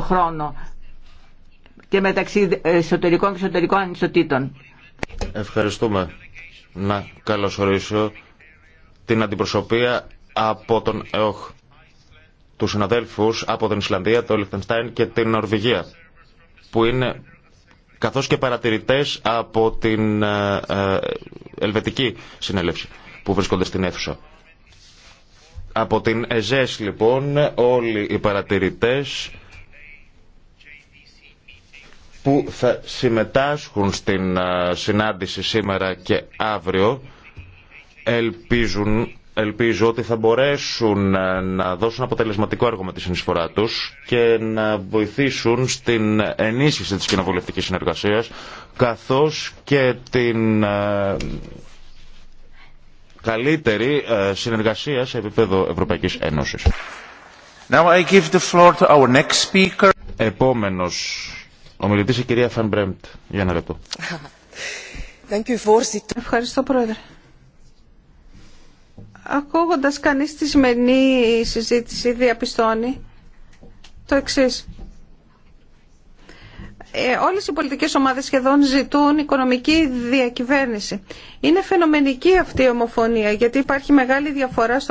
χρόνο και μεταξύ εσωτερικών και εσωτερικών ανισοτήτων. Ευχαριστούμε. Να καλωσορίσω την αντιπροσωπεία από τον ΕΟΧ, του συναδέλφους από την Ισλανδία, το Λιχτενστάιν και την Νορβηγία, που είναι καθώς και παρατηρητές από την ε, ε, Ελβετική Συνέλευση που βρίσκονται στην αίθουσα. Από την ΕΖΕΣ λοιπόν όλοι οι παρατηρητές που θα συμμετάσχουν στην ε, συνάντηση σήμερα και αύριο ελπίζουν, ελπίζω ότι θα μπορέσουν ε, να δώσουν αποτελεσματικό έργο με τη συνεισφορά τους και να βοηθήσουν στην ενίσχυση της κοινοβουλευτικής συνεργασίας καθώς και την ε, καλύτερη συνεργασία σε επίπεδο Ευρωπαϊκής Ένωσης. Now I give the floor to our next speaker. Επόμενος Ομιλητής η κυρία Φαν Μπρέμπτ. Για ένα λεπτό. Ευχαριστώ πρόεδρε. Ακούγοντας κανείς τη σημερινή συζήτηση διαπιστώνει το εξής. Ε, όλες οι πολιτικές ομάδες σχεδόν ζητούν οικονομική διακυβέρνηση. Είναι φαινομενική αυτή η ομοφωνία γιατί υπάρχει μεγάλη διαφορά στο